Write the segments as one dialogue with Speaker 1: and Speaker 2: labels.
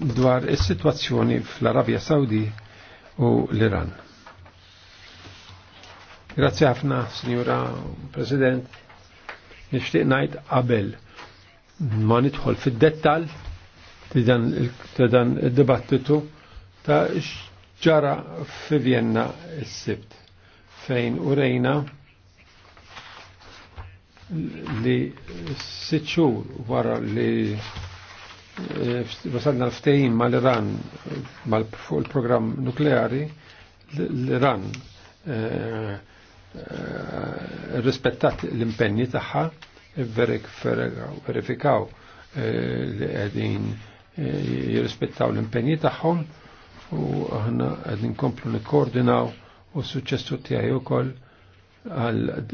Speaker 1: dwar is-sitwazzjoni fl-Arabja Saudi u l-Iran. Grazzi ħafna, Signora President. Nixtieq ngħid qabel ma nidħol fid-dettall ta' dan id-dibattitu ta' ġara fi Vienna s-sibt fejn urejna li s-sitxur wara li Eh, wasalna l-ftejim mal-Iran fuq il-programm nukleari l-Iran eh, eh, rispettat l-impenni tagħha verifikaw li qegħdin jirrispettaw l impenni tagħhom u aħna qegħdin komplu nikkoordinaw u s-suċċessu tiegħi koll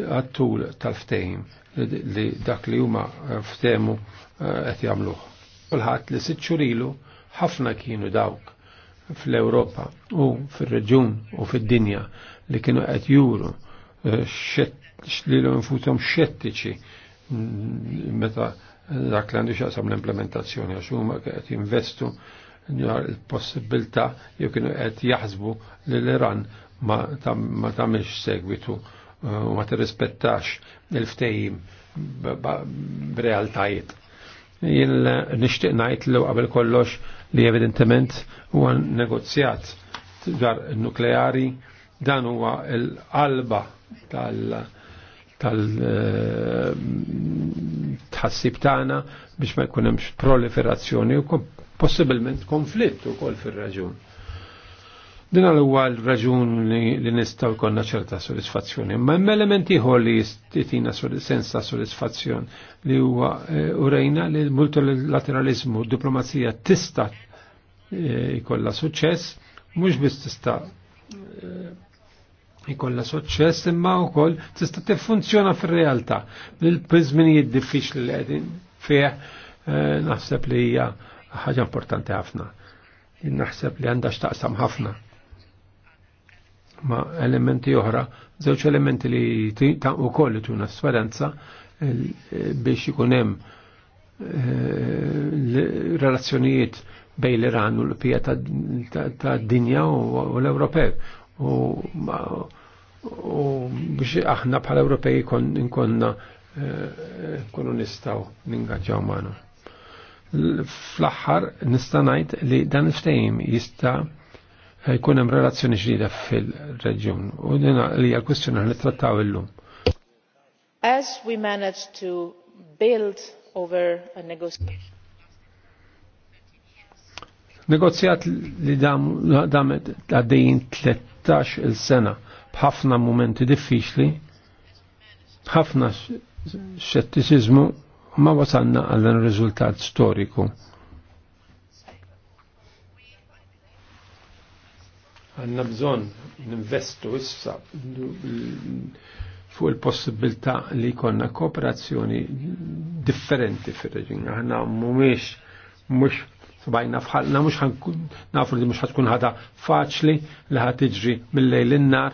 Speaker 1: għattul tal-ftejim li dak li huma ftehmu qed jagħmluh kulħadd li sitxurilu ilu ħafna kienu dawk fl-Ewropa u fil-reġun u fil-dinja li kienu qed juru eh, li l infutom xettiċi mm, meta dak li għandu xaqsam l-implementazzjoni għax huma qed jinvestu il-possibilità jew kienu qed jaħsbu li l-Iran ma tagħmilx segwitu eh, u ma tirrispettax il-ftehim b'realtajiet jien nixtieq ngħid li qabel kollox li evidentement huwa negozjat dwar nukleari dan huwa l-qalba tal tal eh, tħassib tagħna biex ma jkun hemmx proliferazzjoni u possibilment konflitt ukoll fir-raġun. Din għal huwa l-raġun li nistaw konna ċerta sodisfazzjoni. Ma hemm element ieħor li jistitina sensa ta' sodisfazzjon li huwa eh, urejna li l-multilateralizmu, diplomazija tista' jkollha eh, suċċess, mhux biss tista' eh, ikolla suċċess imma wkoll tista' tiffunzjona fir-realtà. Bil-prizminijiet diffiċli li qegħdin fih naħseb li hija ħaġa importanti ħafna. Naħseb li għandha x'taqsam ħafna ma elementi oħra, żewġ elementi li ta' u koll tu speranza biex ikun hemm eh, relazzjonijiet bejn l-Iran u l-pija ta' dinja u l-Ewropew. U biex aħna bħal Ewropej inkonna eh, kunu nistaw ningaġġaw magħna. Fl-aħħar nista' ngħid li dan il jista' jkun hemm relazzjoni ġdida fil-reġjun u din li hija l-kwistjoni li trattaw illum.
Speaker 2: As we managed to build over a negotiation
Speaker 1: Negozjat li dam għaddejjin 13 il-sena bħafna momenti diffiċli, ħafna xettiċiżmu ma wasalna għal riżultat storiku. Għanna bżon investu issa fuq il-possibilità li konna kooperazzjoni differenti fil reġin Aħna mumiex, mhux sabajna fħalna mux nafru li mux ħatkun ħada faċli li ħat iġri mill-lejl innar,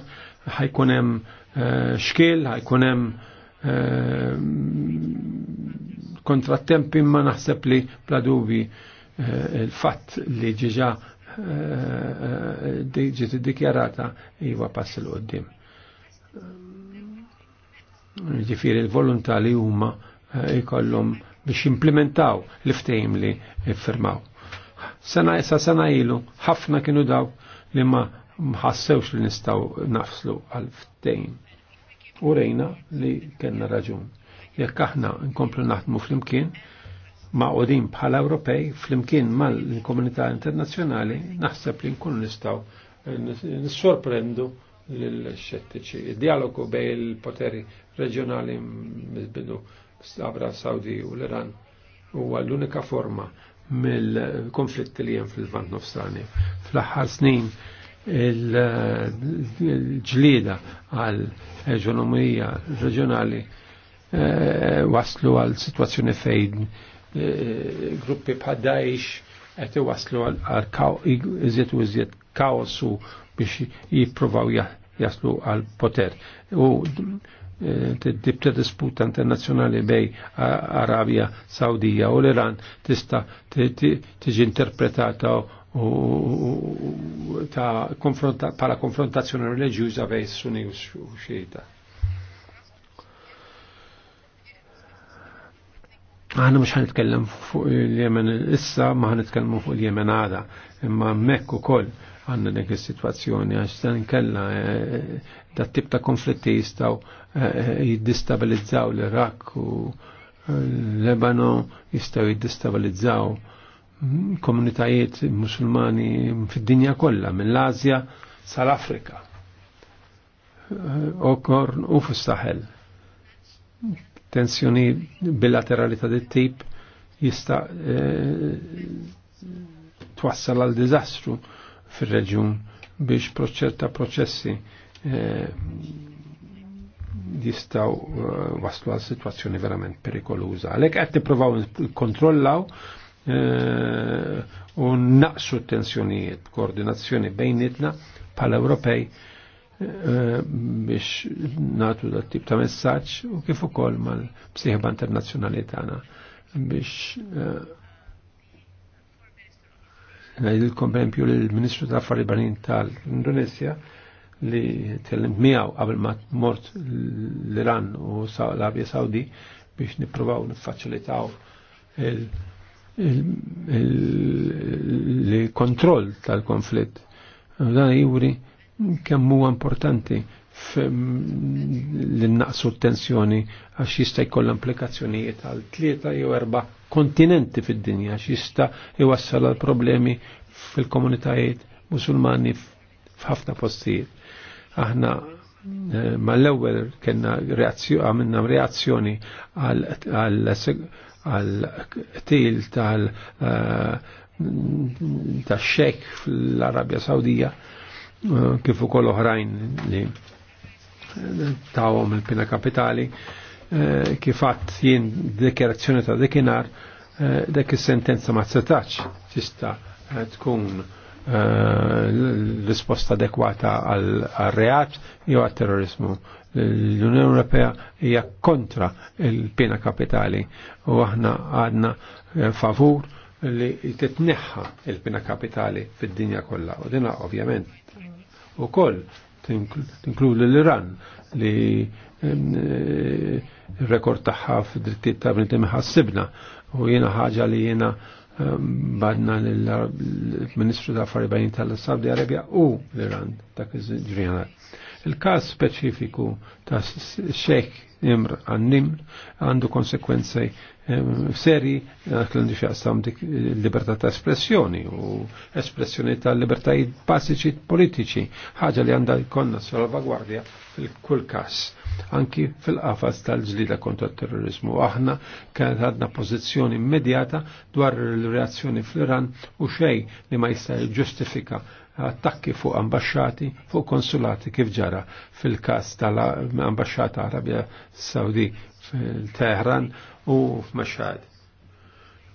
Speaker 1: ħajkunem eh, xkil, ħajkunem eh, kontrattempi ma naħseb li bla eh, il-fatt li ġiġa ġiet iddikjarata iva pass il qoddim Ġifieri l-volontà li huma jkollhom eh, biex implementaw l-ftehim li jiffirmaw. Sena issa sena ilu ħafna kienu daw li ma mħassewx li nistaw nafslu għal ftejn U rejna li kellna raġun. Jekk aħna nkomplu naħdmu fl-imkien, maqodin bħala Ewropej flimkien mal-komunità internazzjonali naħseb li nkun nistaw nissorprendu l-xettiċi. Il-dialogu bej il-poteri reġjonali mizbidu Sabra Saudi u l-Iran huwa l-unika forma mill-konflitti li hemm fil-vant nofsani. Fl-aħħar snin il-ġlida għal eġonomija reġjonali eh, waslu għal situazzjoni fejn E, gruppi bħad Daesh qed iwaslu għal iżjed u iżjed kaosu biex jippruvaw jaslu għal poter. U e, tibta disputa internazzjonali bej Arabia Saudija u l-Iran tista tiġi interpretata u ta' pala konfrontazzjoni reliġjuża bej sunni u xita. Għana mux ħanitkellem fuq il-Jemen issa, ma ħanitkellem fuq il-Jemen għada, imma mekku kol għanna dik il-situazzjoni, għax dan kella eh, dat tip ta' konflitti jistaw eh, jiddistabilizzaw l-Irak u l lebano jistaw jiddistabilizzaw komunitajiet musulmani fid-dinja kollha, mill-Azja sal-Afrika eh, u u fil-Sahel tensjoni bilaterali ta' dit-tip jista' eh, twassal għal diżastru fir-reġjun biex proċerta proċessi eh, jistaw eh, waslu għal situazzjoni verament perikoluza. Għalek għed t-provaw kontrollaw u naqsu t-tensjonijiet, koordinazzjoni bejnitna pal-Ewropej biex natu dat tip ta' messaċ u kif ukoll mal-psiħba internazjonali tagħna biex ngħidilkom pereżempju lill-Ministru ta' Affarijiet Barranin tal-Indonesja li tkellimt miegħu qabel ma mort l-Iran u l-Arabja Saudi biex nippruvaw niffaċilitaw il-kontroll tal-konflitt. Dan juri kemm huwa importanti li naqsu t-tensjoni għax jista' jkollha implikazzjonijiet għal tlieta jew erba' kontinenti fid-dinja għax jista' jwassal għal problemi fil-komunitajiet musulmani f'ħafna postijiet. Aħna eh, mal ewwel kellna għamilna reazzjoni għal qtil tal eh, ta' xek fl-Arabja Sawdija kif ukoll oħrajn li tawom il-pina kapitali eh, kif jien dekerazzjoni ta' dekinar eh, dek is-sentenza ma setax tista' eh, tkun l risposta adekwata għal reat jew għal terrorismu. L-Unjoni Ewropea hija kontra il pina kapitali u aħna għadna favur li titneħħa il pina kapitali fid-dinja kollha. U dina ovvjament u koll tinkludi l-Iran li e, rekord taħħa f'drittijiet ta' bnedem ħassibna u jiena ħaġa li jiena badna l-Ministru ta' Affari Bajin tal-Saudi Arabia u l-Iran ta' iż-ġrijana. Il-każ speċifiku ta' Sheikh Imr għannim għandu konsekwenzi seri dak li xaqsam dik libertà ta' espressjoni u espressjoni ta' libertajiet passiċi politiċi, ħaġa li għandha jkollna salvagwardja fil-kull każ anki fil-qafas tal-ġlida kontra terrorizmu. Aħna kienet għadna pożizzjoni immedjata dwar il-reazzjoni fl-Iran u xej li ma jista' ġustifika attakki fuq ambasċati, fuq konsulati kif ġara fil-kas tal-ambasċata Arabja Saudi fil-Teheran u f-Mashad.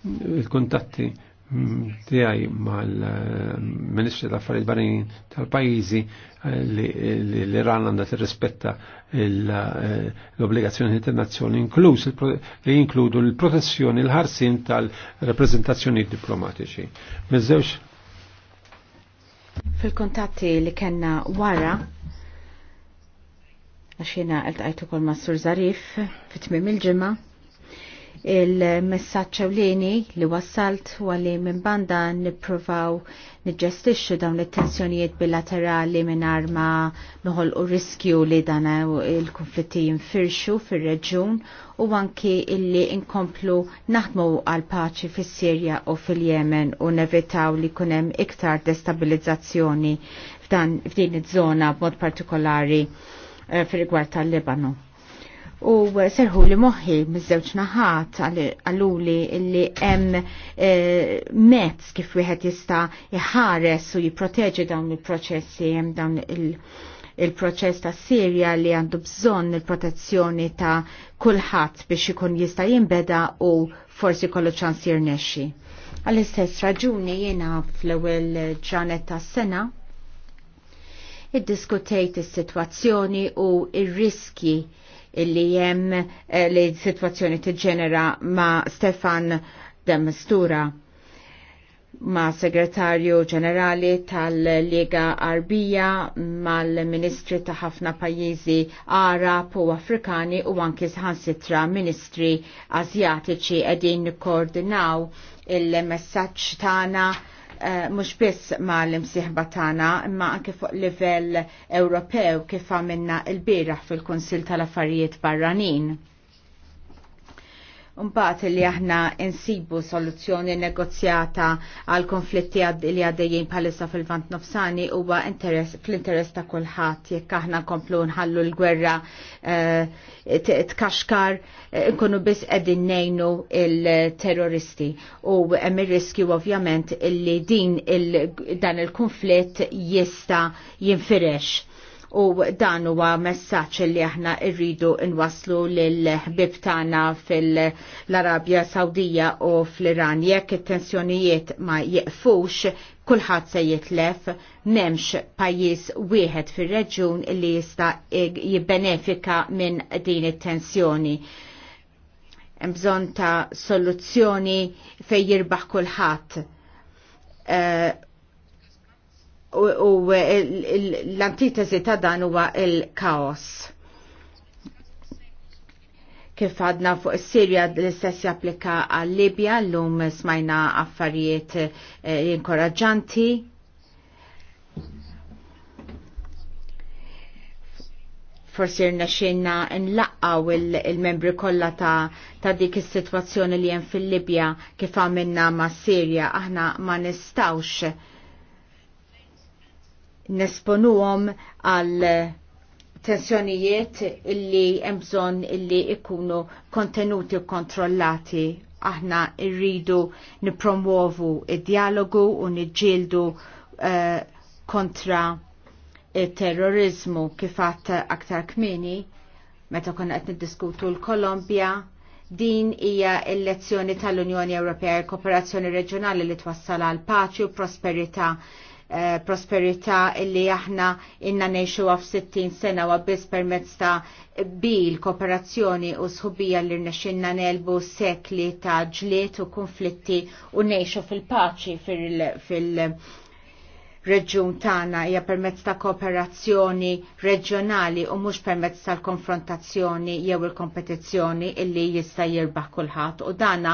Speaker 1: Il-kuntatti mm, tiegħi mal-Ministri tal-Affarijiet Barranin tal-pajjiżi eh, li l-Iran għandha tirrispetta eh, l-obbligazzjoni internazzjoni inkluż li jinkludu l-protezzjoni l-ħarsin tal-reprezentazzjoni diplomatiċi. Miż-żewġ
Speaker 2: Fil-kontatti li kena wara, għax jena għaltajtu kol Massur Sur Zarif fit-tmim il-ġimma, il-messaċ ewlieni li wassalt u għalli minn banda nipprovaw nġestixxu dawn it-tensjonijiet bilaterali minn arma noħol u riskju li dan il-konflitti jinfirxu fir-reġjun u anki illi inkomplu naħdmu għal paċi fis-Sirja u fil-Yemen u nevitaw li kunem iktar destabilizzazzjoni f'din iż-żona b'mod partikolari eh, fir-rigward tal-Libanu u serħu li moħħi miż-żewġ naħat għalluli li hemm eh, mezz kif wieħed jista' jħares u jipproteġi dawn il-proċessi hemm dawn il- proċess ta' Sirja li għandu bżonn il-protezzjoni ta' kulħadd biex ikun jista' jinbeda u forsi kollu ċans jirnexxi. Għall-istess raġuni jiena fl-ewwel ġranet tas-sena iddiskutejt is-sitwazzjoni u ir-riski illi jem eh, li situazzjoni tiġġenera ma' Stefan Demestura, ma' segretarju ġenerali tal-Lega Arbija mal-Ministri ta' ħafna pajjiżi Arab u Afrikani u anki sħansitra Ministri Azjatiċi edin koordinaw il-messaċ tana Eh, mux biss ma l-imsiħba tana, imma anke fuq livell Ewropew kif għamilna il-biraħ fil-Konsil tal-Affarijiet Barranin. Mbagħad li aħna insibu soluzzjoni negozjata għal konflitti li għaddejjin bħalissa fil-vant nofsani huwa interess fl-interess ta' kulħadd jekk aħna nkomplu nħallu l-gwerra eh, t t-kaxkar eh, nkunu biss qegħdin ngħinu il-terroristi u hemm ir-riskju ovvjament illi din dan il-konflitt jista' jinfirex u dan huwa messaġġ li aħna rridu nwaslu lil ħbib tagħna fil-Arabja Sawdija u fl-Iran jekk it-tensjonijiet ma jeqfux kulħadd se jitlef m'hemmx pajjiż wieħed fir-reġjun li jista' jibbenefika minn din it-tensjoni. Hemm bżonn ta' soluzzjoni fejn jirbaħ kulħadd. Uh, u l antitesi ta' dan huwa il-kaos kif għadna fuq Sirja l-istess japplika għal Libja l-lum smajna affarijiet eh, inkoraġġanti. Forsi rna xinna nlaqqaw il-membri kollha ta', ta dik is-sitwazzjoni li hemm fil-Libja kif għamilna ma' Sirja aħna ma nistawx nesponuhom għal tensjonijiet illi jemżon illi ikunu kontenuti u kontrollati. Aħna irridu nipromuovu id-dialogu u niġġieldu uh, kontra terrorizmu kifat aktar kmini meta konna qed niddiskutu l kolombia din hija l-lezzjoni tal-Unjoni Ewropea l kooperazzjoni reġjonali li twassal għal paċi u prosperità Eh, prosperità illi aħna inna neħxu għaf 60 sena u għabbis permezz ta' bil kooperazzjoni u sħubija li rnexxinna nelbu sekli ta' ġliet u konflitti u neħxu fil-paċi fil-, fil reġjun tagħna hija permezz ta' kooperazzjoni reġjonali u mhux permezz tal-konfrontazzjoni jew il-kompetizzjoni illi jista' jirbaħ kulħadd u dana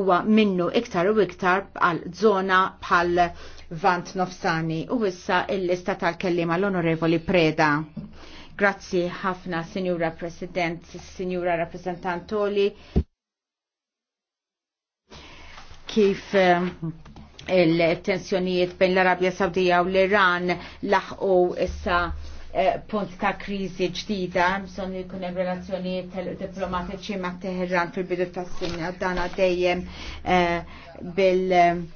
Speaker 2: huwa minnu iktar u iktar għal żona bħal vant nofsani u issa il-lista tal-kellima l-onorevoli Preda. Grazzi ħafna, Signora President, Signora Rappresentantoli. Kif eh, il-tensjonijiet bejn l-Arabja Sawdija u l-Iran laħqu issa eh, punt ta' krizi ġdida, bżon li kunem relazzjonijiet diplomatiċi ma' Teheran fil-bidu ta' s-sinja, dana dejjem eh, bil-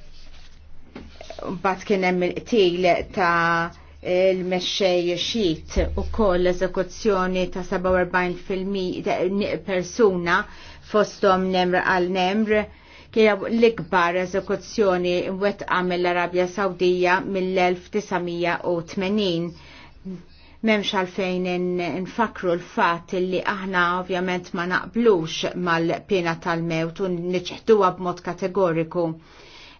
Speaker 2: bat kien hemm il-qtil ta' il-mexxej xit u koll eżekuzzjoni ta' 47 persuna fostom nemr għal nemr kien l-ikbar eżekuzzjoni wetqa mill-Arabja Sawdija mill-1980. Memx għalfejn nfakru l-fat li aħna ovvjament ma naqblux mal-pena tal-mewt u nċeħduwa b'mod kategoriku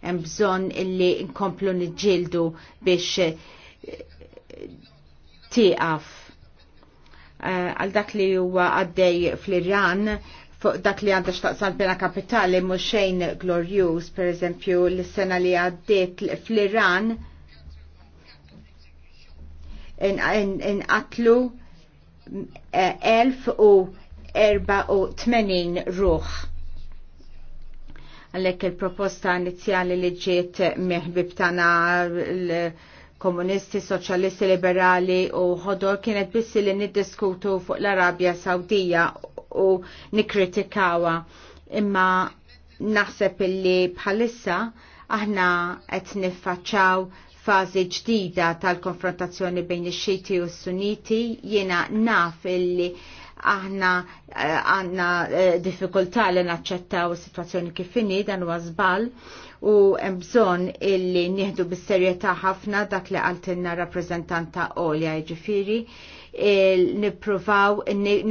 Speaker 2: hemm bżonn illi nkomplu niġġieldu biex eh, tieqaf eh, għal dak li huwa għaddej fl-Iran fuq dak li għandha xtaqsal bena kapitali mhux xejn glorjuż, pereżempju l-sena li għaddiet fl-Iran inqatlu in, in eh, tmenin ruħ għalhekk il-proposta inizjali li ġiet meħbib tagħna komunisti, soċjalisti, liberali u ħodor kienet bissi li niddiskutu fuq l-Arabja Sawdija u nikritikawa. Imma naħseb illi bħalissa aħna qed niffaċċaw fażi ġdida tal-konfrontazzjoni bejn ix-Xiti u s-Suniti jiena naf illi aħna eh, għanna eh, diffikultà li naċċettaw is-sitwazzjoni kif inhi dan huwa żball u hemm bżonn illi nieħdu bis-serjetà ħafna dak li qaltilna rappreżentanta Olja jiġifieri nippruvaw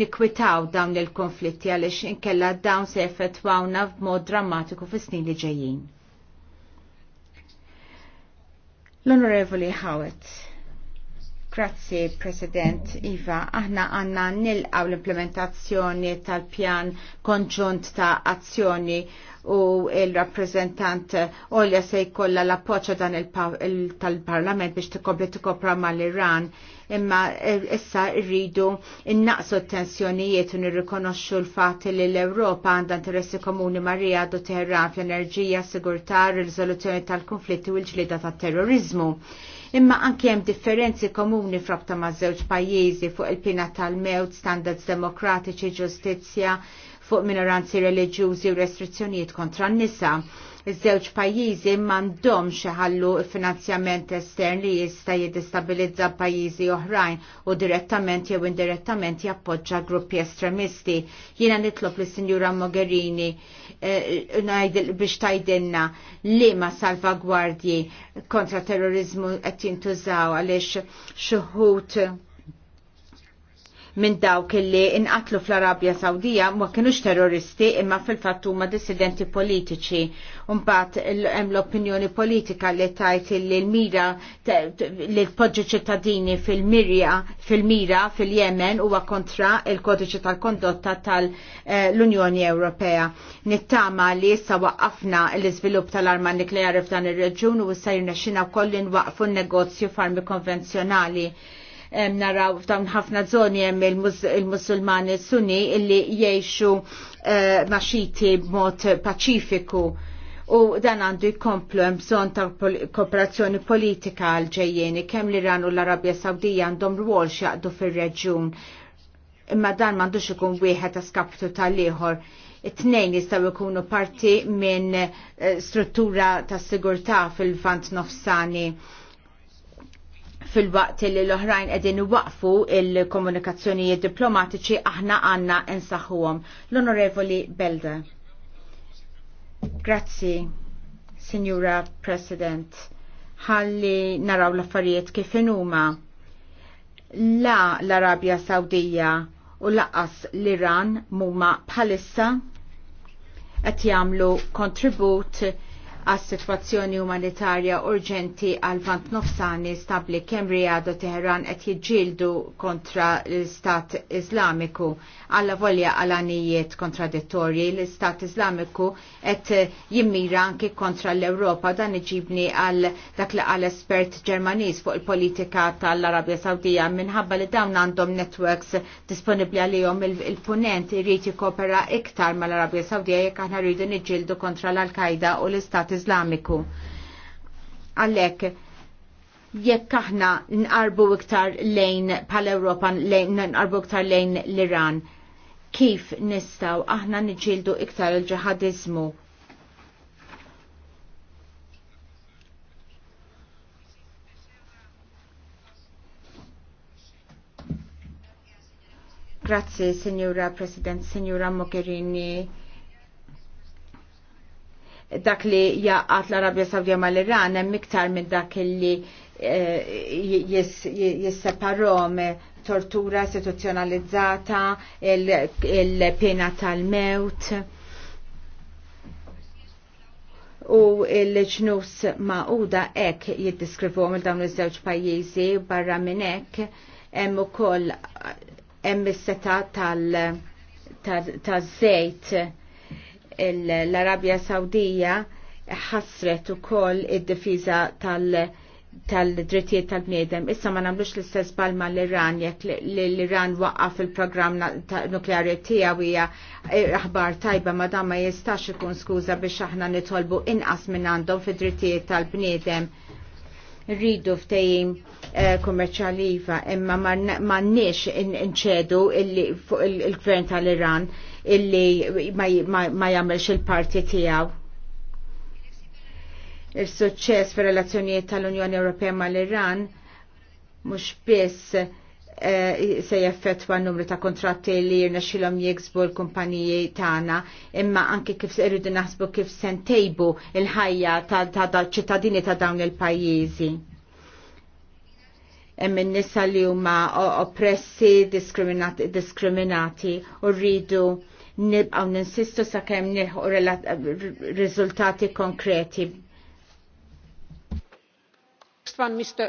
Speaker 2: nikwitaw dawn il-konflitti għaliex inkella dawn se effettwawna b'mod drammatiku fis-snin li ġejjin. L-Onorevoli Howitt. Grazzi, President Iva. Aħna għanna nilqaw l-implementazzjoni tal-pjan konġunt ta' azzjoni u il-rappresentant Olja se jkollha l poċa dan tal-Parlament biex tikkompli tikkopra mal-Iran imma eh, issa rridu innaqsu t-tensjonijiet u nirrikonoxxu l fat li l-Ewropa għandha interessi komuni ma' Riyadu Teheran fl-enerġija, sigurtà, riżoluzzjoni tal-konflitti u l-ġlida tat-terrorizmu imma anke hemm differenzi komuni frabta ma' żewġ pajjiżi fuq il-pina tal-mewt, standards demokratiċi, ġustizzja, fuq minoranzi reliġjużi u restrizzjonijiet kontra n-nisa. Iż-żewġ pajjiżi m'għandhomx ħallu finanzjament estern li jista' jiddistabilizza pajjiżi oħrajn u direttament jew indirettament jappoġġa gruppi estremisti. Jiena nitlob li Sinjura Mogherini eh, biex tajdilna li ma salvagwardji kontra terrorizmu qed jintużaw għaliex xuħut minn dawk li inqatlu fl-Arabja Sawdija ma kienux terroristi imma fil-fatt huma dissidenti politiċi. Mbagħad hemm l-opinjoni politika li tajt li l-mira li l tpoġġi ċittadini fil-mirja fil-mira fil-Yemen huwa kontra il-kodiċi tal-kondotta tal-Unjoni Ewropea. Nittama li issa waqqafna l-iżvilupp tal-arma nukleari f'dan ir reġun u issa jirnexxina wkoll nwaqfu n-negozju farmi konvenzjonali naraw f'dawn ħafna zoni hemm il-Musulmani Sunni illi jgħixu eh, maxiti b'mod paċifiku u dan għandu jkomplu hemm bżonn ta' kooperazzjoni politika għal ġejjeni kemm l-Iran u l-Arabja Sawdija għandhom rwol jaqdu fir-reġjun. Imma dan m'għandux ikun wieħed ta' skaptu tal-ieħor it-tnejn jistaw ikunu parti minn eh, struttura ta' sigurtà fil-vant nofsani fil-waqt li l-oħrajn edin waqfu il-komunikazzjonijiet diplomatiċi aħna għanna insaħuhom. L-Onorevoli Belda. Grazzi, Signora President. Ħalli naraw l-affarijiet kif inhuma. La l-Arabja Sawdija u laqas l-Iran muma bħalissa qed jagħmlu kontribut għas situazzjoni umanitarja urġenti għal vant nofsani stabli kemm Riyadu Teheran qed jiġġieldu kontra l-Istat Islamiku. Alla volja għalanijiet kontradittorji l-Istat Islamiku qed jimmira anki kontra l-Ewropa dan iġibni għal dak li għal espert Ġermaniż fuq il-politika tal-Arabja Sawdija minħabba li dawn għandhom networks disponibbli għalihom il-punent irriti jikkopera iktar mal-Arabja Sawdija jekk aħna rridu niġġieldu kontra l-Al-Qaida u l-Istat l-Istat Islamiku. Għalek, jekk aħna nqarbu iktar lejn pal-Ewropa lejn nqarbu iktar lejn l-Iran, kif nistaw aħna niġildu iktar il-ġihadizmu Grazzi, Signora President, Signora Mogherini dak li jaqat l-Arabja Sawdija mal-Iran hemm iktar minn dak li eh, jisseparom eh, tortura istituzzjonalizzata, il-pena tal-mewt u l-ġnus ma'uda ek jiddiskrivu il dawn iż-żewġ pajjiżi barra minn hekk hemm ukoll hemm is-seta tal-żejt tal, tal, tal l-Arabja Sawdija ħasret ukoll id-difiża tal- drittijiet tal-bniedem. Issa ma namlux l-istess palma l-Iran jekk l-Iran waqqaf il-programm nukleari tiegħu hija eh, aħbar tajba ma damma ma jistax ikun skuża biex aħna nitolbu inqas minn għandhom fid-drittijiet tal-bniedem. Rridu ftejim eh, kummerċjali iva, imma imma m'għandniex nċedu il-gvern tal-Iran illi ma jagħmelx il-parti tiegħu il-suċċess fir relazzjonijiet tal-Unjoni Ewropea mal-Iran mhux biss eh, se jaffetwa n-numru ta' kontratti li jirnexxilhom jiksbu l-kumpaniji tagħna, imma anke kif irridu naħsbu kif se il-ħajja ta' ċittadini ta' dawn il-pajjiżi. Hemm nisa li huma oppressi, diskriminati u rridu nibqaw ninsistu sakemm nieħu riżultati konkreti. Mr.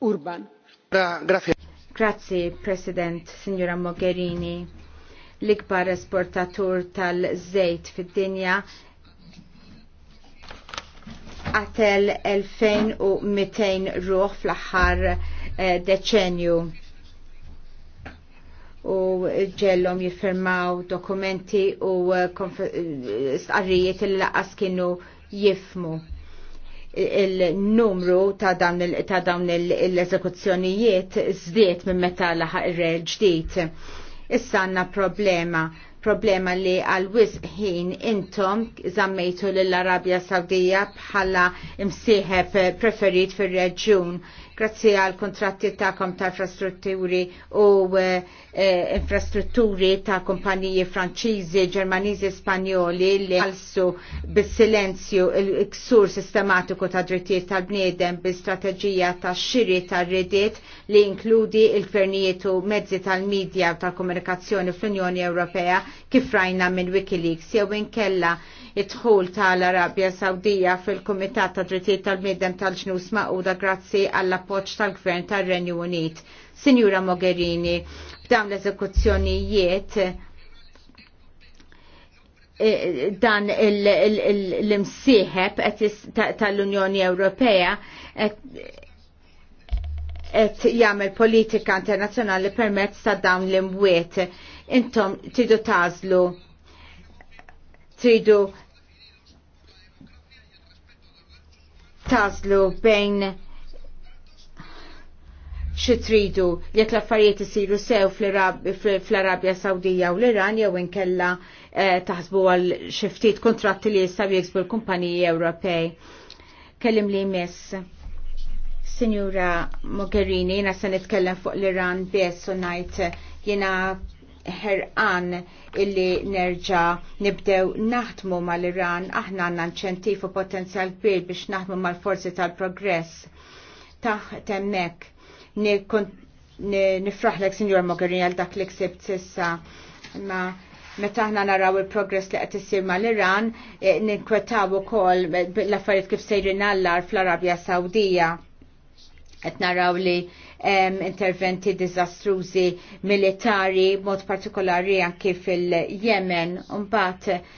Speaker 2: Urban. Grazie. President, Signora Mogherini. L-ikbar esportatur tal-żejt fid-dinja qatel 2200 ruħ fl-aħħar eh, deċenju u ġellhom jiffirmaw dokumenti u uh, uh, stqarrijiet il laqas kienu jifmu il-numru ta' dawn l-eżekuzzjonijiet zdiet minn meta laħaq ir-re ġdid. Issa għandna problema problema li għal ħin intom zammejtu l-Arabja Sawdija bħala imsieħeb preferit fir reġjun grazzi għal kontratti ta'kom ta' infrastrutturi u eh, eh infrastrutturi ta' kumpaniji franċiżi, ġermaniżi, spanjoli li għalsu bis-silenzju il-ksur sistematiku ta' drittijiet tal-bniedem bi strateġija ta' xiri ta' rediet li inkludi il-gvernijiet u mezzi tal-medja u tal-komunikazzjoni fl-Unjoni Ewropea kif rajna minn Wikileaks jew inkella id-dħul tal-Arabja Sawdija fil-Kumitat ta' Drittijiet tal-Midem tal-Ġnus Maquda grazzi għall-appoġġ tal-Gvern tar-Renju Unit. Sinjura Mogherini, f'dawn l-eżekuzzjonijiet eh, dan l-imsieħeb tal-Unjoni Ewropea et jagħmel politika internazzjonali permezz ta' dawn l-imwiet. Intom tidu tażlu tridu tazlu bejn xi tridu jekk l-affarijiet isiru sew fl-Arabja Sawdija u l-Iran jew inkella eh, taħsbu għal xi ftit kontratti li jistaw jiksbu l-kumpaniji Ewropej. Kellim li miss. Signora Mogherini, jena se nitkellem fuq l-Iran biss u ngħid jiena ħerqan illi nerġa nibdew naħdmu mal-Iran, aħna għanna nċentif u potenzjal kbir biex naħdmu mal-forzi tal-progress. Taħ temmek, nifraħlek, Signor Mogherini, għal dak li ksibt sissa, ma meta aħna naraw il-progress li qed issir mal-Iran, eh, ninkwetaw ukoll l-affarijiet kif sejrin allar fl-Arabja Sawdija qed naraw li um, interventi dizastruzi militari, mod partikolari anki fil-Yemen, mbagħad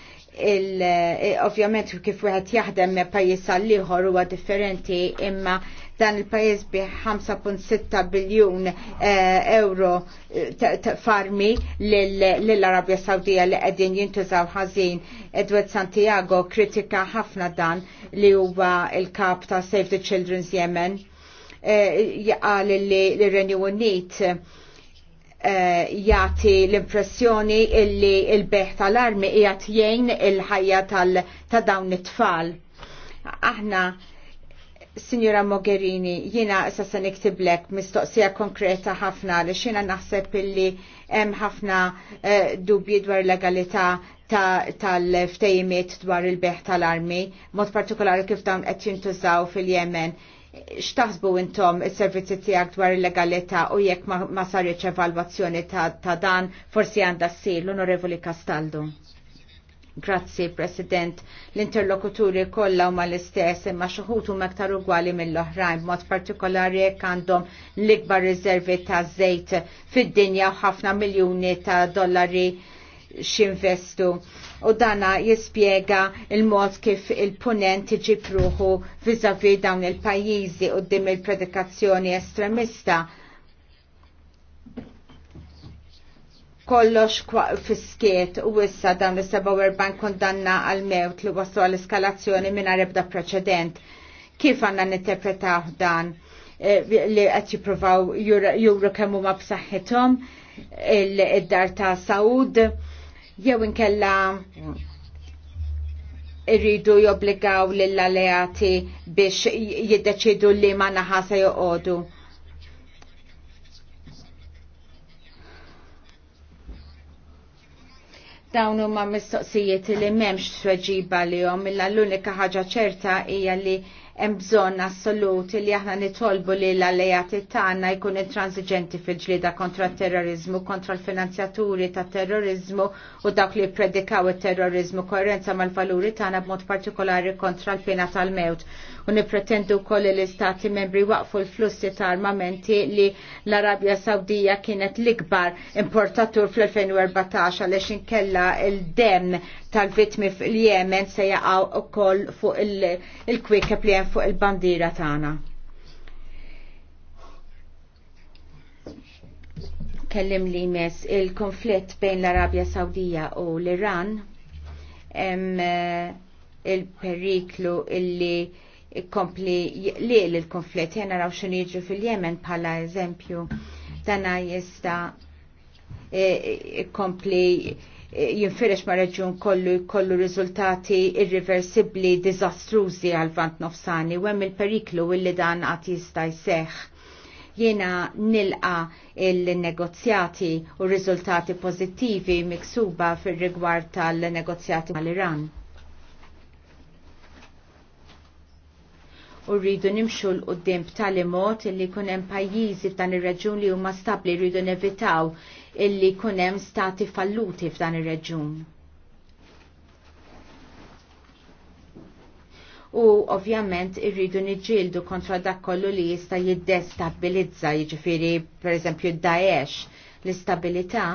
Speaker 2: il eh, ovvjament kif wieħed jaħdem me pajjiż għal ieħor huwa differenti imma dan il-pajjiż bi 5.6 biljun eh, euro eh, farmi lill-Arabja Sawdija li qegħdin jintużaw ħażin. Edward Santiago kritika ħafna dan li huwa il-kap ta' Save the Children's Yemen Eh, jaqal li l-Renju Unit eh, jgħati l-impressjoni illi il-beħ tal-armi jgħat jgħin il-ħajja ta' dawn it-tfal. Aħna Signora Mogherini, jiena issa se niktiblek mistoqsija konkreta ħafna li xina naħseb illi hemm ħafna eh, dubji dwar legalità tal ftejmiet dwar il-beħ tal-armi, mod partikolari kif dawn qed jintużaw fil-Yemen xtaħsbu intom il-servizzi tijak dwar il-legalità u jekk ma, ma sarriċ evalwazzjoni ta, ta' dan forsi għanda s-sil, l-Onorevoli Castaldo. Grazzi, President. L-interlokuturi kollha huma l-istess imma xuħutu aktar ugwali mill-oħrajn, Mod partikolari jekk għandhom l-ikbar riservi ta' żejt fid-dinja u ħafna miljuni ta' dollari xinvestu. U dana jispiega il-mod kif il-punent iġib pruħu vizavi dawn il-pajjiżi u dim il-predikazzjoni estremista. kollox fiskiet u issa dan l-47 kondanna għal-mewt li waslu għal-eskalazzjoni minna rebda preċedent. Kif għanna ninterpretaw dan eh, li għet jiprofaw juru kemmu ma b'saħħithom il-dar ta' Saud? jew inkella irridu jobbligaw lill-alleati biex jiddeċidu li ma naħasa joqodu. Dawn huma mistoqsijiet li m'hemmx tweġiba lihom, illa l-unika ħaġa ċerta hija li hemm bżonn assoluti li aħna nitolbu li l-allejati tagħna jkun intransiġenti fil-ġlieda kontra terrorizmu, kontra l-finanzjaturi ta' terrorizmu u dawk li predikaw it-terrorizmu, koerenza mal-valuri tagħna b'mod partikolari kontra l-pena tal-mewt u nipretendu koll l-istati membri waqfu l-flussi ta' armamenti li l-Arabja Sawdija kienet l-ikbar importatur fl-2014 għalix inkella il-dem tal-vitmi fil-Jemen se jaqaw u koll fuq il-kwikab li fuq il-bandira tagħna. kellim li mes il-konflitt bejn l-Arabja Sawdija u l-Iran eh, il-periklu illi ikkompli li l-konflitt jena raw xin jiġu fil-Jemen pala eżempju dana jista e, e, ikkompli e, jinfirex ma' reġjun kollu kollu riżultati irreversibli dizastruzi għal vant nofsani u hemm il-periklu illi dan qatt jista' jseħħ. Jiena nilqa il-negozjati u riżultati pożittivi miksuba fir-rigward tal-negozjati mal-Iran u rridu nimxu l-qoddim b'tali mod illi kunem pajjiżi f'dan ir-reġun li huma stabli rridu nevitaw illi kunem stati falluti f'dan ir-reġun. U ovvjament irridu niġġieldu kontra dak kollu li jista' jiddestabilizza jiġifieri pereżempju d Daesh l-istabilità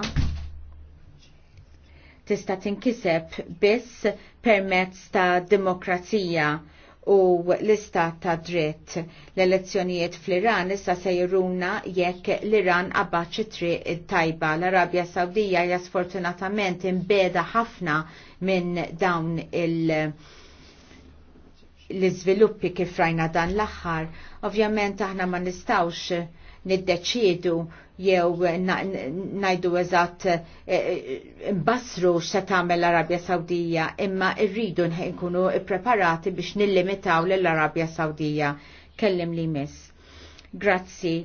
Speaker 2: tista' tinkiseb biss permezz ta' demokrazija u l-istat ta' dritt. L-elezzjonijiet fl-Iran issa se jiruna jekk l-Iran abbaċ triq tajba. L-Arabja Sawdija hija sfortunatament imbeda ħafna minn dawn il- l-izviluppi kif rajna dan l-aħħar. Ovvjament aħna ma nistawx niddeċiedu jew najdu eżatt eh, eh, mbassru x'se tagħmel l-Arabja Sawdija, imma rridu nkunu ippreparati biex nillimitaw lill-Arabja Sawdija. Kellim li mis. Grazzi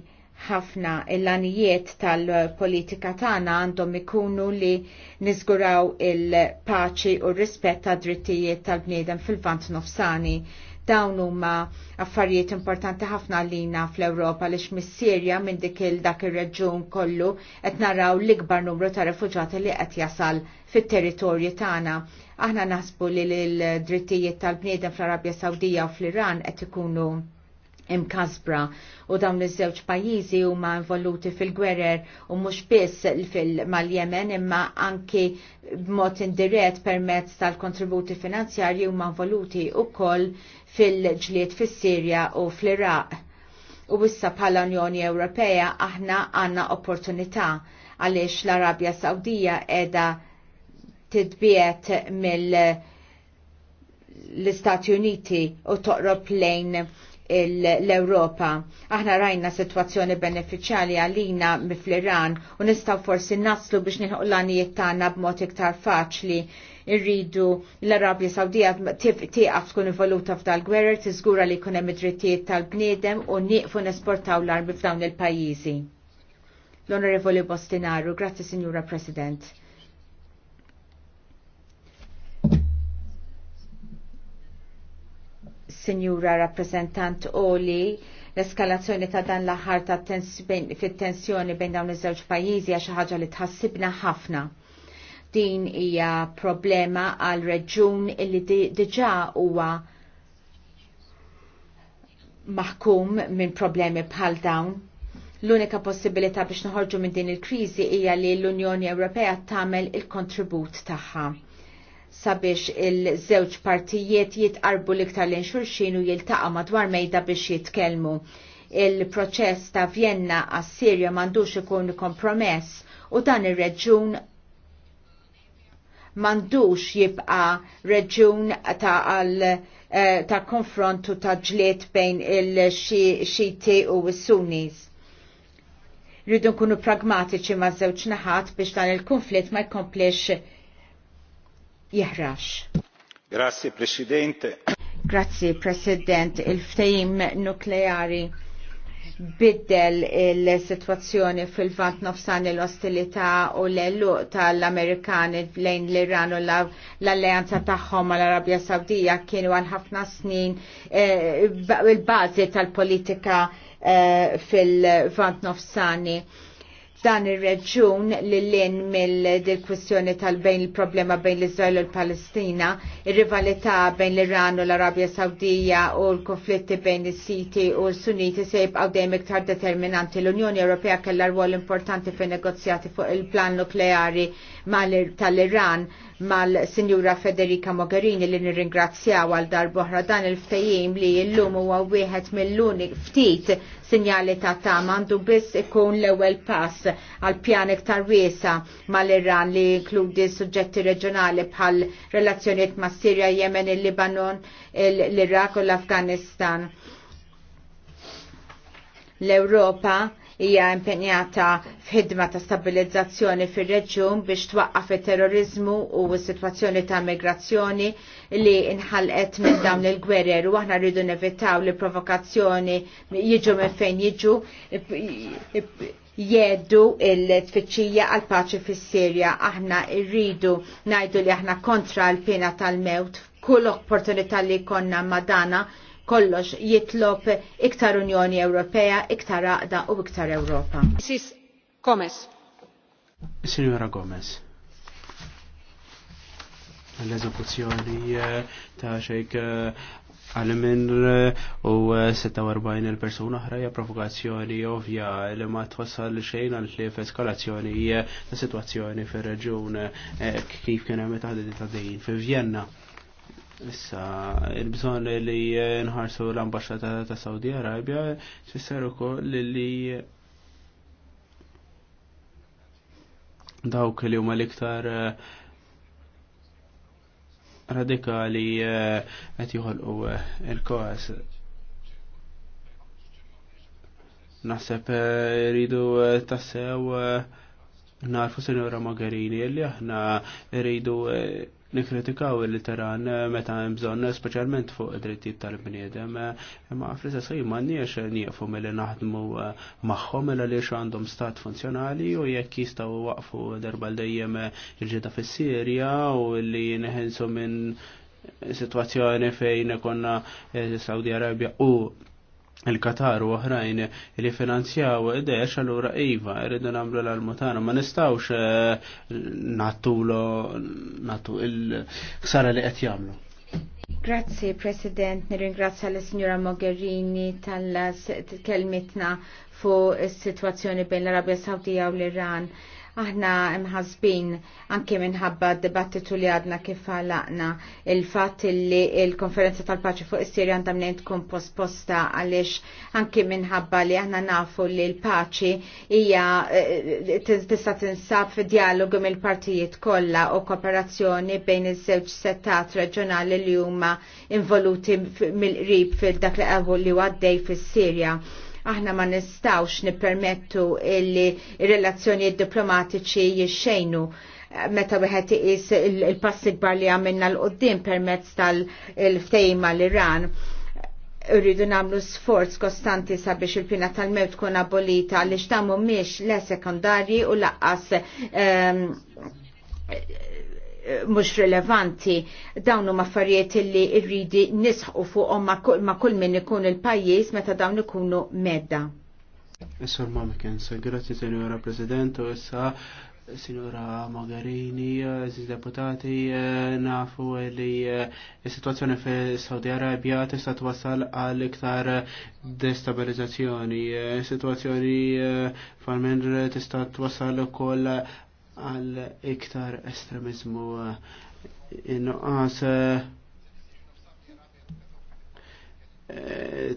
Speaker 2: ħafna il-lanijiet tal-politika tagħna għandhom ikunu li niżguraw il-paċi u r rispett tad drittijiet tal-bniedem fil-vant nofsani Dawn huma affarijiet importanti ħafna għalina fl-Ewropa li mis-Sirja minn dik il dak ir-reġjun kollu qed naraw l-ikbar numru ta' refuġati li qed jasal fit-territorju tagħna. Aħna naħsbu li l-drittijiet tal-bniedem fl-Arabja Sawdija u fl-Iran qed ikunu imkazbra u dawn iż-żewġ pajjiżi huma involuti fil-gwerer u mhux biss mal-Yemen imma anki b'mod indirett permezz tal-kontributi finanzjarji huma involuti wkoll fil-ġlied fis-Sirja u fl-Iraq. U issa bħala Unjoni Ewropea aħna għandna opportunità għaliex l-Arabja Sawdija qiegħda tidbiet mill istati Uniti u toqrob lejn l-Europa. Aħna rajna situazzjoni beneficiali għalina mifl-Iran u nistaw forsi naslu biex nħuq l-għanijiet tagħna b'mod iktar faċli irridu l-Arabja Sawdija tieqaf tkun involuta f'dal gwerer tiżgura li jkun hemm id-drittijiet tal-bniedem u nieqfu nesportaw l-armi f'dawn il-pajjiżi. L-Onorevoli Bostinaru, grazzi Signora President. Sinjura Rappresentant li l-eskalazzjoni ta' dan l-aħħar ta' fit-tensjoni bejn dawn iż-żewġ pajjiżi għax ħaġa li tħassibna ħafna. Din hija problema għal reġun illi diġà huwa maħkum minn problemi bħal dawn. L-unika possibilità biex noħorġu minn din il-kriżi hija li l-Unjoni Ewropea tagħmel il-kontribut tagħha sabiex il-żewġ partijiet jitqarbu liktar l xulxin u jiltaqa madwar mejda biex jitkellmu. Il-proċess ta' Vienna għas sirja mandux ikun kompromess u dan ir-reġun mandux jibqa reġun ta' għal eh, ta' konfrontu ta' ġliet bejn il-xiti u s sunis Rridu nkunu pragmatiċi ma' żewġ naħat biex dan il-konflitt ma' jkomplix jeħrax.
Speaker 1: Grazie Presidente.
Speaker 2: Grazie President. Il-ftejim nukleari biddel il-situazzjoni fil-vant nofsan l-ostilità u l-elluq tal-Amerikani lejn l-Iran u l-alleanza tagħhom mal arabja Sawdija kienu għal ħafna snin eh, il-bażi tal-politika eh, fil-vant nofsani dan ir-reġun li l-in mill-kwistjoni tal-bejn il-problema bejn l-Izrael u l-Palestina, ir-rivalità bejn l-Iran u l-Arabja Sawdija u l-konflitti bejn is-Siti u l-Suniti se jibqgħu dejjem iktar determinanti. L-Unjoni Ewropea kellha rwol importanti fin negozjati fuq il-plan nukleari tal-Iran mal-Sinjura Federica Mogherini li nirringrazzjaw għal darbohra dan il ftajim li l-lum huwa wieħed mill luni ftit sinjali ta' ta' għandu biss ikun l-ewwel pass għal pjan iktar wiesa mal-Iran li inkludi suġġetti reġjonali bħal relazzjoniet ma' Sirja, Yemen, il-Libanon, l-Iraq u l-Afganistan. L-Ewropa hija impenjata f'ħidma ta' stabilizzazzjoni fir-reġjun biex twaqqaf it-terrorizmu u s-sitwazzjoni ta' migrazzjoni li inħalqet minn dawn il-gwerer u aħna rridu nevitaw li provokazzjoni jiġu minn fejn jiġu jeddu il-tfittxija għal paċi fis-Sirja. Aħna rridu ngħidu li aħna kontra l-pena tal-mewt kull opportunità li konna madana kollox jitlob iktar Unjoni Ewropea, iktar għaqda u iktar Ewropa. Mrs. Gomez.
Speaker 3: Signora Gomez. L-eżekuzzjoni eh, ta' xejk għal-min eh, eh, u 46 il-persuna ħra provokazzjoni ovvja li ma twassal xejn għal tlif eskalazzjoni ta' situazzjoni fir-reġun kif kien hemm taħdid ta' din fi Vjenna. Issa, il-bżon li nħarsu l-ambasċata ta' Saudi Arabia, xisser koll li dawk li huma l-iktar eh, radikali eh, qed joħolqu eh, il-kwas. Naħseb rridu tassew narfu Senjora Magherini li aħna rridu Nikritikaw il-literan meta hemm bżonn speċjalment fuq id-drittijiet tal-bniedem, imma fl-istess ħin m'għandniex nieqfu milli naħdmu eh, magħhom mela li għandhom stat funzjonali u jekk jistgħu waqfu darba dejjem il-ġita fis-Sirja u li neħelsu minn situazzjoni fejn konna eh, Saudi Arabia u il kataru u oħrajn li finanzjaw id-dex għallura Iva, rridu namlu l-almutana, ma nistawx eh, nattu nattu il-ksara li qed jagħmlu.
Speaker 2: Grazzi President, nirringrazzja l signora Mogherini tal-kelmitna fuq is-sitwazzjoni bejn l-Arabja Sawdija u l-Iran. Aħna mħazbin anke minħabba d-dibattitu li għadna kif għalaqna il-fat li il-konferenza tal-paċi fuq is-Sirja għandha minn tkun posposta għaliex anke minħabba li aħna nafu li l-paċi hija eh, tista' tinsab fi dialogu mill-partijiet kollha u kooperazzjoni bejn iż-żewġ settat reġjonali li huma involuti mill-qrib fil-dak li li għaddej fis-Sirja Aħna ma nistawx nippermettu illi il-relazzjoni diplomatiċi jixxejnu eh, meta wieħed iqis il-passi kbar li għamilna l-qoddim permezz tal-ftejma l-Iran rridu namlu sforz kostanti sabiex il-pina tal-mewt tkun abolita li xtamu miex le sekondarji u laqqas ehm, mhux rilevanti dawn huma affarijiet li rridi nisħu fuqhom ma' kull min ikun il-pajjiż meta dawn ikunu medda.
Speaker 3: Is-Sur Mamikens, grazzi Senjora President, u issa Signora Mogherini, Aziz Deputati, eh, nafu li eh, situazzjoni fi Saudi Arabia tista' twassal għal iktar destabilizzazzjoni. Eh, situazzjoni farmen tista' twassal ukoll għal iktar estremizmu eh, inqas eh,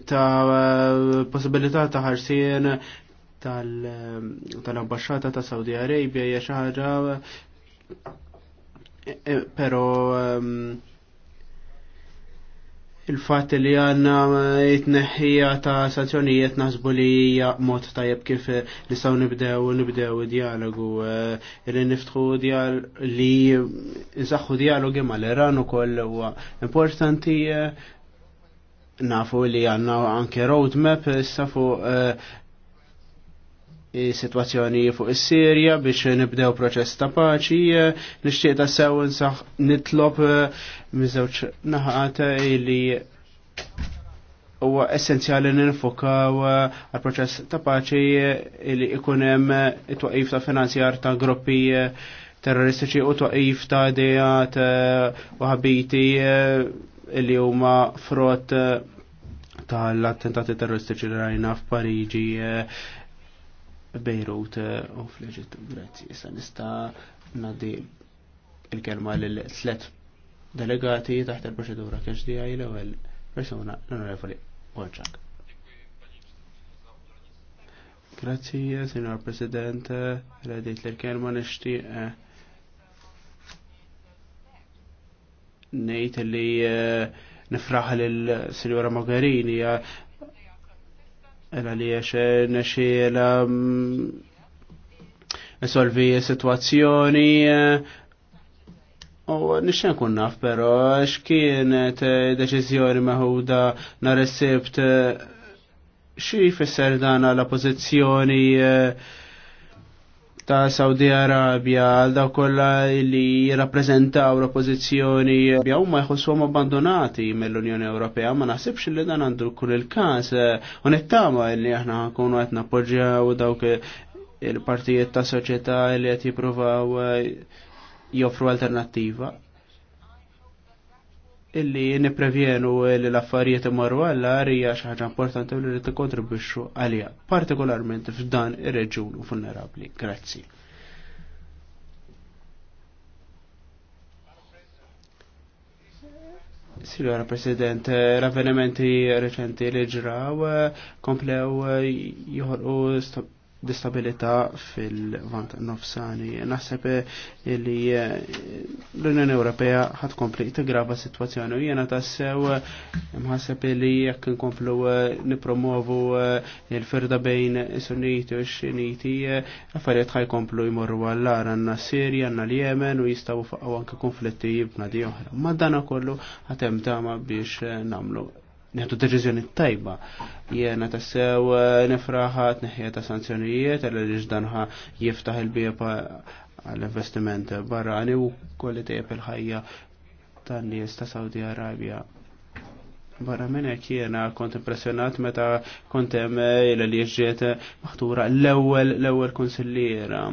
Speaker 3: ta' possibilità ta' ħarsien eh, tal-ambasċata ta' Saudi Arabia hija xi ħaġa ehm, il-fat li għanna jitneħħija eh, ta' sanzjonijiet nasbu li hija mod tajjeb kif eh, nistgħu nibdew nibdew dialogu li eh, niftħu dialog li nsaħħu dialogi mal-Iran ukoll huwa importanti nafu li għanna anke roadmap issa fuq situazzjoni fuq is-Sirja biex nibdew proċess ta' paċi, nixtieq ta' sew nsaħ nitlob eh, miżewġ naħat li huwa essenzjali ninfokaw eh, għal proċess ta' paċi li ikun hemm it-twaqif ta' finanzjar ta' gruppi eh, terroristiċi u twaqif ta' dejat u ħabiti li huma frott tal-attentati terroristiċi li rajna f'Pariġi Beirut eh, u fl-Eġittu. Grazzi, issa nista' nadi il-kelma l-tlet delegati taħt il-proċedura kiex di għaj l-ewel persona l-onorevoli Borċak. Grazzi, eh, Signor President, redit eh, l-kelma nishtiq nejt li nifraħ l-Sinjora Mogherini Ela li għax nexiela mm, solvi situazzjoni eh, U nixxen kun naf, pero x'kienet eh, deċiżjoni meħuda nar-resibt eh, xi jfisser dan la pożizzjoni ta' Saudi Arabia għal daw kolla li jirrappreżentaw l-oppozizjoni ja huma jħossuhom abbandonati mill-Unjoni Ewropea ma naħsibx li dan għandu kull il-każ u nittama li aħna nkunu qed nappoġġjaw dawk il-partijiet ta' soċjetà li qed jippruvaw eh, joffru alternattiva illi niprevjenu li l-affarijiet imorru għalla hija xi ħaġa importanti li tikkontribwixxu għaliha, partikolarment f'dan ir-reġjun vulnerabbli. Grazzi. Signora President, l-avvenimenti li ġraw komplew jħorqu distabilità fil-vant nofsani. Naħseb eh, li eh, l-Unjoni Ewropea ħad kompli tigrava situazzjoni. Jena tassew eh, mħaseb li jekk nkomplu nipromovu il-firda bejn sunniti u xiniti, affarijiet ħaj komplu jmorru għallar għanna Sirja, għanna l-Jemen u jistawu faqqa għanka konflitti jibna di oħra. Ma dana kollu għatem tama biex namlu neħdu deċiżjoni tajba. Jena tassew eh, nifraħat neħja ta' sanzjonijiet għal li ġdanħa jiftaħ il-bieb għall-investiment barrani u kolli tajb il-ħajja tan-nies ta' Saudi Arabia. Barra minn hekk jiena kont impressjonat meta kont hemm eh, li ġġiet eh, maħtura l-ewwel l-ewwel konsillira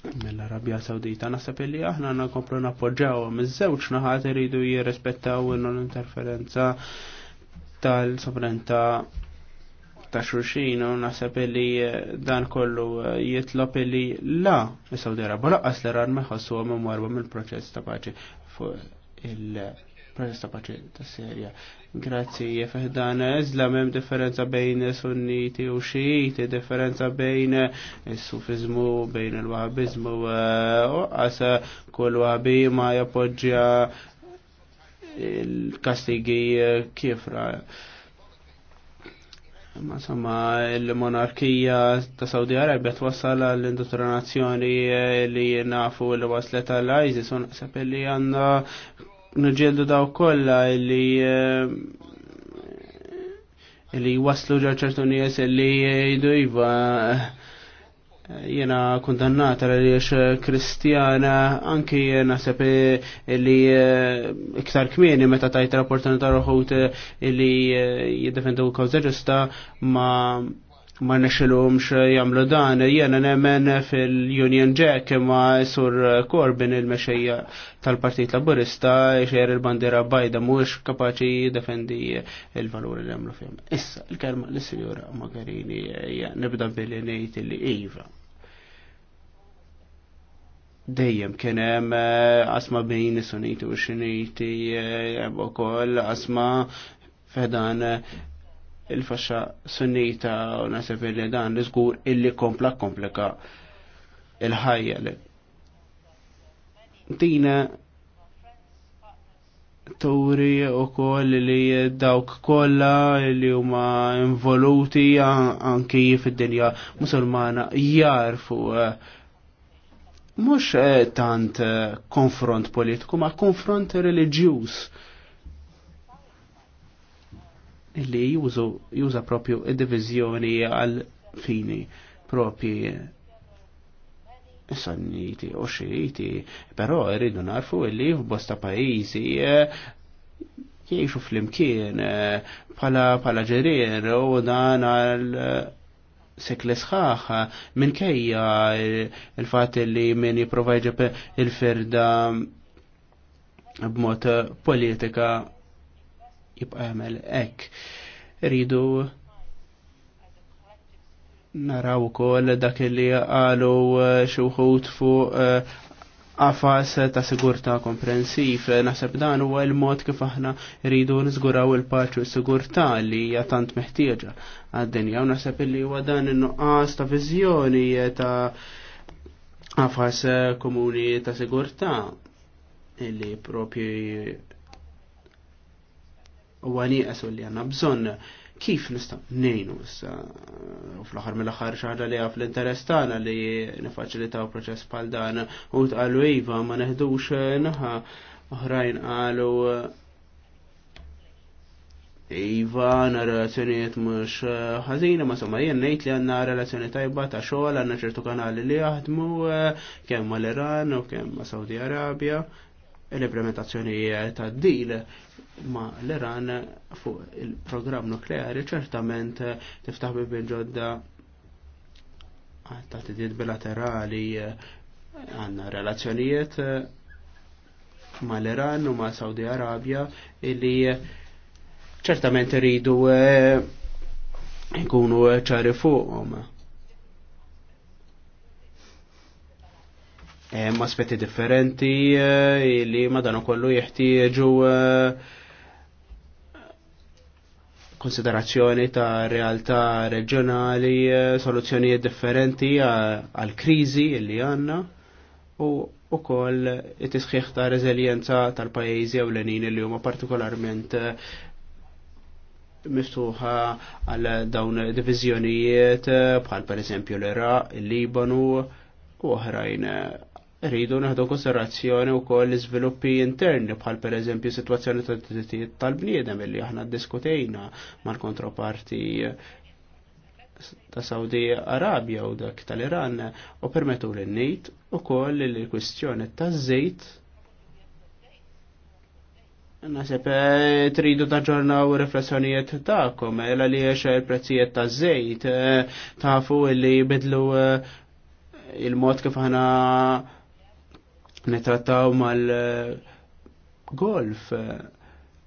Speaker 3: mill-Arabja Sawdita. Naħseb illi aħna nkomplu nappoġġaw miż-żewġ naħat iridu jirrispettaw il-non interferenza tal-sovranta ta' xurxin u nasab li eh, dan kollu eh, jitlop li la Saudi Arabia laqqas l iran meħassu għom marba mill-proċess ta' paċi fuq il-proċess ta' paċi ta' Sirja. Grazzi, fehdan eżlam eh, mem differenza bejn sunniti u xiiti, differenza bejn is-sufizmu, bejn il-wahabizmu, u għasa kull wahabi ma jappoġġja il-kastigi eh, kifra. Ma insomma, il-monarkija ta' Saudi Arabia twassal l-indottrinazzjoni eh, li nafu li waslet għal-ISIS, un li għanna nġildu daw kolla li eh, li waslu ġarċertu nies li jidu jiva jena kondannata li kristjana anki sepe li eh, iktar kmieni meta tajt rapportan ta' roħut eh, li eh, jiddefendu kawza ġusta ma ma nexilumx jamlu dan jena nemmen fil-Union Jack ma sur Corbin il-mexejja tal-Partit Laburista xer il-bandira bajda mux kapaċi defendi il-valuri li jamlu fjom. Issa, il-kelma l-Sinjura Magarini nibda billi nejt li Iva dejjem kien hemm eh, asma bejn is-suniti u x-xiniti wkoll eh, asma fedan eh, il-faxxa sunnita u nasef li dan l żgur illi kompla komplika il-ħajja li. Tina turi u koll li dawk kolla li huma involuti anki fid-dinja musulmana jarfu uh, mhux eh, tant eh, konfront politiku, ma konfront reliġjuż illi jużu juża propju id divizjoni għal fini propji sanniti u xiiti, però rridu narfu illi f'bosta pajjiżi eh, jiexu fl-imkien pala pala u dan għal sekle sħaħ minkejja il-fat li min jiprovajġa il-ferda b'mod politika jibqa' jagħmel hekk. Ridu naraw ukoll dak li qalu xi wħud fuq eh, għafas ta' sigurta komprensiv. Naħseb dan huwa l-mod kif aħna rridu nżguraw il-paċu sigurta li hija tant meħtieġa għad-dinja. U naħseb li huwa dan in-nuqqas ta' viżjoni ta' għafas komuni ta' sigurta li propju huwa nieqes u li għandna bżonn kif nista' nejnu issa u fl-aħħar mill-aħħar xaħda li għaf l-interess tagħna li nifaċilitaw proċess bħal dan u tqalu iva ma neħdux eh, naħa oħrajn qalu iva na relazzjonijiet mhux eh, ħażina ma somma jien ngħid li għandna relazzjoni tajba ta' xogħol għanna ċertu kanali li jaħdmu eh, kemm mal-Iran u kemm ma' Saudi Arabja l-implementazzjoni ta' dil ma' l-Iran fuq il-programm nukleari ċertament tiftaħ bibin ġodda ta' tidiet bilaterali għanna relazzjonijiet ma' l-Iran u ma' Saudi Arabia illi ċertament iridu eh, nkunu ċari fuqhom. hemm aspetti differenti eh, li madanu kollu jeħtieġu eh, konsiderazzjoni ta' realtà reġjonali, eh, soluzzjoni differenti għal kriżi li għandna u koll it-tisħiħ ta' rezilienza tal l ewlenin li huma partikolarment miftuħa għal dawn divizjonijiet bħal pereżempju l-Iraq, il-Libanu u oħrajn rridu naħdu konsiderazzjoni wkoll l-iżviluppi interni bħal pereżempju sitwazzjoni ta' drittijiet tal-bniedem illi aħna ddiskutejna mal kontroparti ta' Saudi Arabja u dak tal-Iran u permetu l nejt u koll l-kwistjoni ta' zejt Nasib eh, tridu taġġornaw riflessjonijiet ta'kom, eh, li jiex il-prezzijiet ta' zejt eh, tafu li bidlu il-mod kif aħna nitrattaw mal-golf. Eh,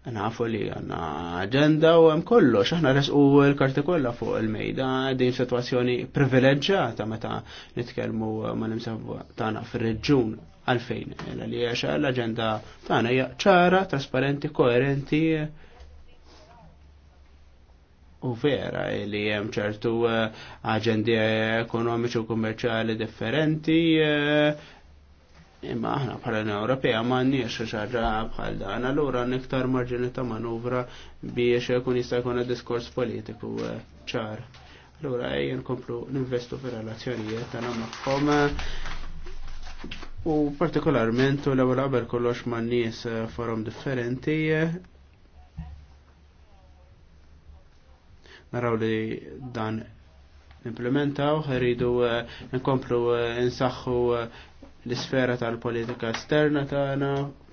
Speaker 3: Nafu li għanna agenda u għem kollox, aħna resqu l-karti kollha fuq il-mejda, din situazzjoni privileġġata meta nitkellmu ma' nimsabba tagħna fir-reġjun għalfejn. Li għaxa l-agenda tagħna hija ċara, trasparenti, koerenti u vera li hemm ċertu eh, aġendi ekonomiċi u kummerċjali differenti eh, Imma aħna bħala Ewropea ma għandniex ħaġa bħal dan, allura niktar marġini ta' manuvra biex jkun jista' jkun diskors politiku eh, ċar. Allura ejja eh, nkomplu ninvestu fir relazzjonijiet tagħna magħhom eh, u partikolarment u l-ewwel qabel kollox man nies forum differenti naraw li dan implementaw, rridu nkomplu nsaħħu l-isfera tal-politika esterna tagħna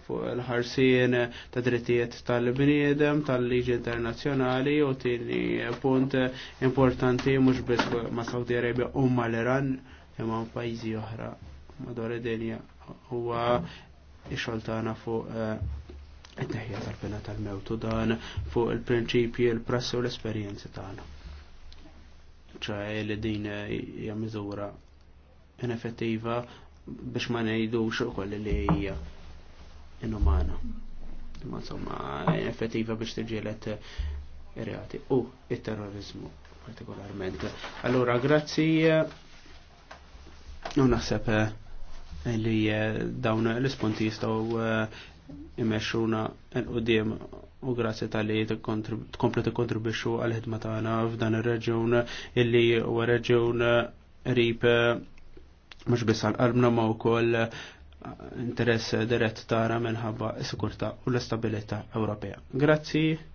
Speaker 3: fuq il-ħarsien ta' drittijiet tal-bniedem, tal-liġi internazzjonali u tieni punt importanti mhux biss ma' Saudi Arabia u mal iran imma pajjiżi oħra madwar id-dinja huwa x-xogħol tagħna fuq eh, it-teħja tal-pena tal-mewt u dan fuq il-prinċipji, il-prassi u l-esperjenzi tagħna. ċaj li din hija miżura ineffettiva biex ma nejdu ukoll li hija inumana. Ma somma, effettiva biex tiġielet eh, reati u il-terrorizmu partikolarment. Allora, grazzi eh, u naħseb eh, li dawn l-ispunti jistaw imesċuna l-qudiem u grazzi tal-li tkomplu tikkontribwixxu għal-ħidma tagħna f'dan ir-reġjun illi huwa reġjun rib mux biss għal-qalbna ma' u koll eh, interess dirett tara minħabba s-sikurta u l-stabilita Ewropea. Grazzi.